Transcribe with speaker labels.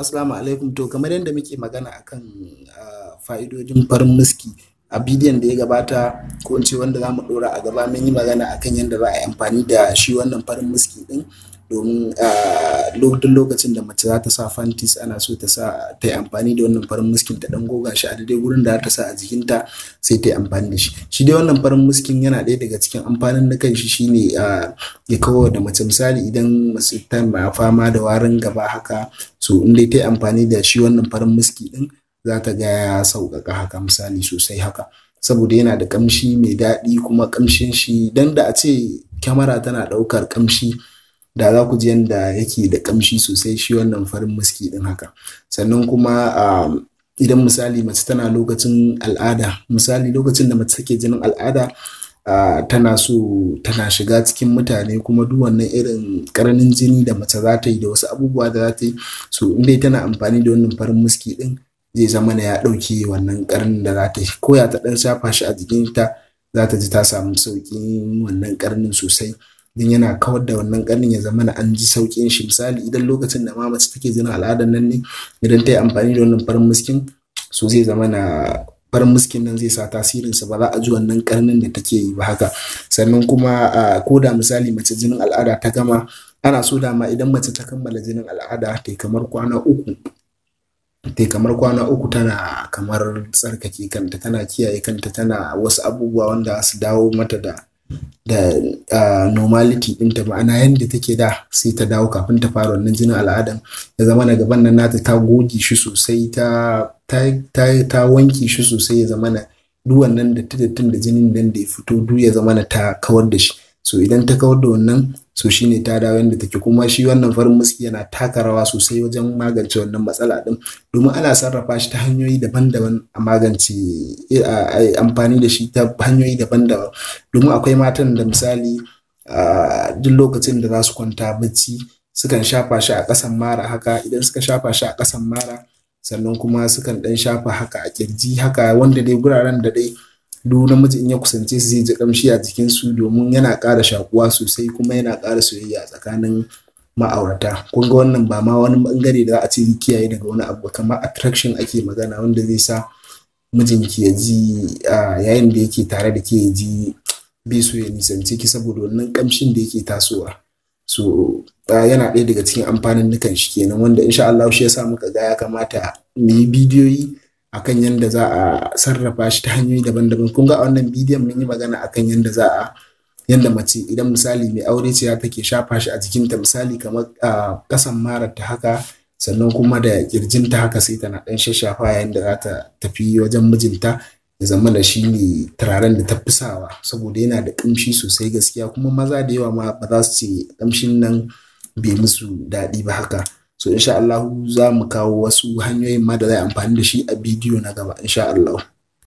Speaker 1: Assalamu alaikum to kamar yadda muke magana akan ah, fa'idojin farin miski a bidiyon da ya gabata ko in ce wanda za mu ɗora a gaba mun yi magana akan yadda za a yi amfani da shi wannan farin miski ɗin domin ah, duk lokacin da mace za ta sa fantis ana so ta sa ta yi amfani da wannan farin muskin ta dan goga shi a daidai gurin da ta sa a jikinta sai ta yi amfani da shi shi dai wannan farin muskin yana ɗaya daga cikin amfanin na kan shi ne ah, ya kawo da mace misali idan mace ta fama da warin gaba haka so in dai ta yi amfani da shi wannan farin muski ɗin. za ta ga ya sauƙaƙa haka misali sosai haka saboda yana da ƙamshi mai daɗi kuma ƙamshin shi dan da a ce kyamara tana ɗaukar ƙamshi da za ku ji yadda yake da ƙamshi sosai shi wannan farin muski ɗin haka sannan kuma um, idan misali mace tana lokacin al'ada misali lokacin da mace take jinin al'ada tana so tana shiga cikin mutane kuma duk wannan irin karanin jini da mace za ta yi da wasu abubuwa da za ta yi so in dai tana amfani da wannan farin muski ɗin. zai zama ya ɗauke wannan karnin da za ta koya ta ɗan shafa shi a jikinta za ta ji ta samu sauƙin wannan karnin sosai din yana kawar da wannan karnin ya zama na an ji sauƙin shi misali idan lokacin da mamaci take jinin al'adar nan ne idan ta yi amfani da wannan farin muskin so zai zama na farin muskin nan zai sa tasirin sa ba za a ji wannan karnin da take yi ba haka sannan kuma ko da misali mace jinin al'ada ta gama ana so dama idan mace ta kammala jinin al'ada ta kamar kwana uku ta kamar kwana uku tana kamar tsarkake kanta tana kiyaye kanta tana wasu abubuwa wanda su dawo mata da da uh, normality ɗinta ma'ana yadda take da sai ta dawo kafin ta fara wannan jinin al'adan ya zama na gaban nan nata ta goge shi sosai ta ta wanki shi sosai ya zama na duwannan da dattin da jinin nan da ya fito duk ya zama na ta kawar da shi so idan ta kawar da wannan so ne ta dawo yadda take kuma shi wannan farin muski yana taka rawa sosai wajen magance wannan matsala din domin ana sarrafa shi ta hanyoyi daban-daban a magance amfani da shi ta hanyoyi daban-daban domin akwai matan da misali duk lokacin da za su kwanta bacci sukan shafa shi a kasan mara haka idan suka shafa shi a kasan mara sannan kuma sukan ɗan shafa haka a kirji haka wanda dai guraren da dai duk namiji in ya kusance su zai ji kamshi a jikin su domin yana ƙara shakuwa sosai kuma yana ƙara soyayya tsakanin ma'aurata kun ga wannan ba ma wani bangare da za a ce kiyaye daga wani abu kamar attraction ake magana wanda zai sa mijinki ya ji yayin da yake tare da ke ji bai so ya nisance ki saboda wannan kamshin da yake tasowa so yana ɗaya daga cikin amfanin nukan shi kenan wanda insha Allah shi sa muka ga ya kamata mu yi bidiyoyi akan yadda za a sarrafa shi ta hanyoyi daban-daban kun ga wannan bidiyon mun yi magana akan yadda za a yadda mace idan misali mai aure ce take shafa shi a jikinta misali kamar kasan marar ta haka sannan kuma da kirjin ta haka sai tana dan shashafa yayin da za ta tafi wajen mijinta ya zama da shi ne turaren da ta sawa saboda yana da kamshi sosai gaskiya kuma maza da yawa ma ba za su ce kamshin nan bai musu daɗi ba haka so insha za mu kawo wasu hanyoyin ma da zai amfani da shi a bidiyo na gaba insha Allah